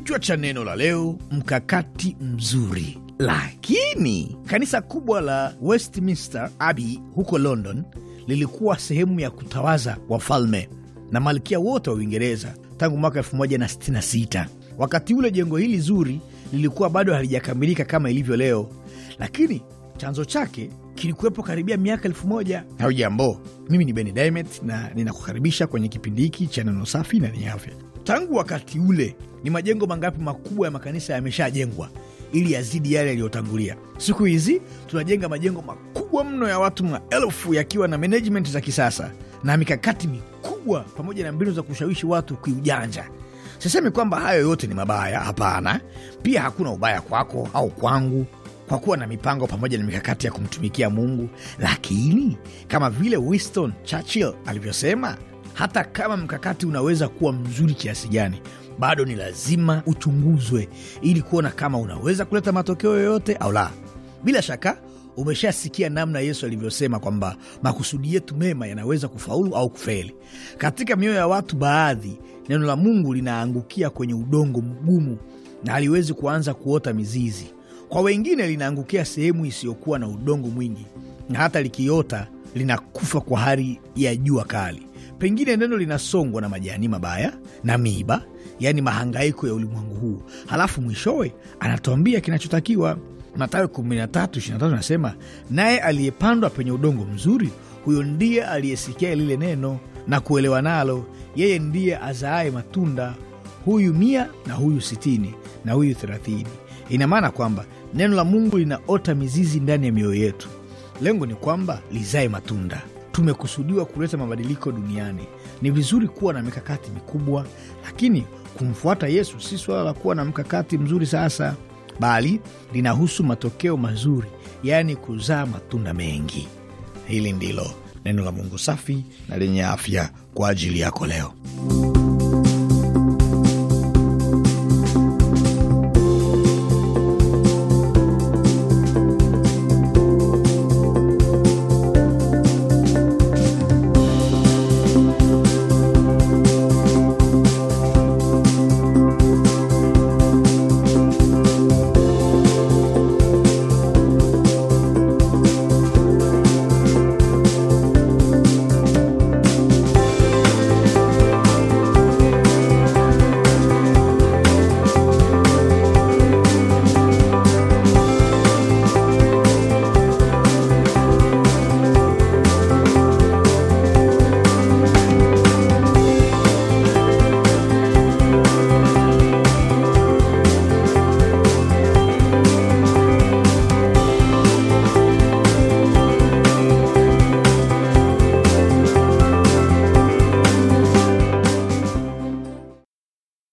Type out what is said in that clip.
Kichwa cha neno la leo: mkakati mzuri. Lakini kanisa kubwa la Westminster Abbey huko London lilikuwa sehemu ya kutawaza wafalme na malkia wote wa Uingereza tangu mwaka 1066. Wakati ule jengo hili zuri lilikuwa bado halijakamilika kama ilivyo leo, lakini chanzo chake kilikuwepo karibia miaka elfu moja. Hujambo, mimi ni Beni Dimet na ninakukaribisha kwenye kipindi hiki cha neno safi na nenye afya. Tangu wakati ule ni majengo mangapi makubwa ya makanisa yameshajengwa ili yazidi yale yaliyotangulia. Siku hizi tunajenga majengo makubwa mno ya watu maelfu, yakiwa na management za kisasa na mikakati mikubwa, pamoja na mbinu za kushawishi watu kiujanja. Sisemi kwamba hayo yote ni mabaya, hapana. Pia hakuna ubaya kwako au kwangu kwa kuwa na mipango pamoja na mikakati ya kumtumikia Mungu, lakini kama vile Winston Churchill alivyosema, hata kama mkakati unaweza kuwa mzuri kiasi gani, bado ni lazima uchunguzwe ili kuona kama unaweza kuleta matokeo yoyote au la. Bila shaka umeshasikia namna Yesu alivyosema kwamba makusudi yetu mema yanaweza kufaulu au kufeli. Katika mioyo ya watu baadhi, neno la Mungu linaangukia kwenye udongo mgumu na haliwezi kuanza kuota mizizi. Kwa wengine linaangukia sehemu isiyokuwa na udongo mwingi, na hata likiota linakufa kwa hali ya jua kali. Pengine neno linasongwa na majani mabaya na miiba, yaani mahangaiko ya ulimwengu huu, halafu mwishowe anatuambia kinachotakiwa. matayo 13:23 anasema, naye aliyepandwa penye udongo mzuri, huyo ndiye aliyesikia lile neno na kuelewa nalo, yeye ndiye azaaye matunda, huyu mia na huyu 60 na huyu thelathini. Ina maana kwamba neno la Mungu linaota mizizi ndani ya mioyo yetu. Lengo ni kwamba lizae matunda. Tumekusudiwa kuleta mabadiliko duniani. Ni vizuri kuwa na mikakati mikubwa, lakini kumfuata Yesu si suala la kuwa na mkakati mzuri sasa, bali linahusu matokeo mazuri, yaani kuzaa matunda mengi. Hili ndilo neno la Mungu safi na lenye afya kwa ajili yako leo.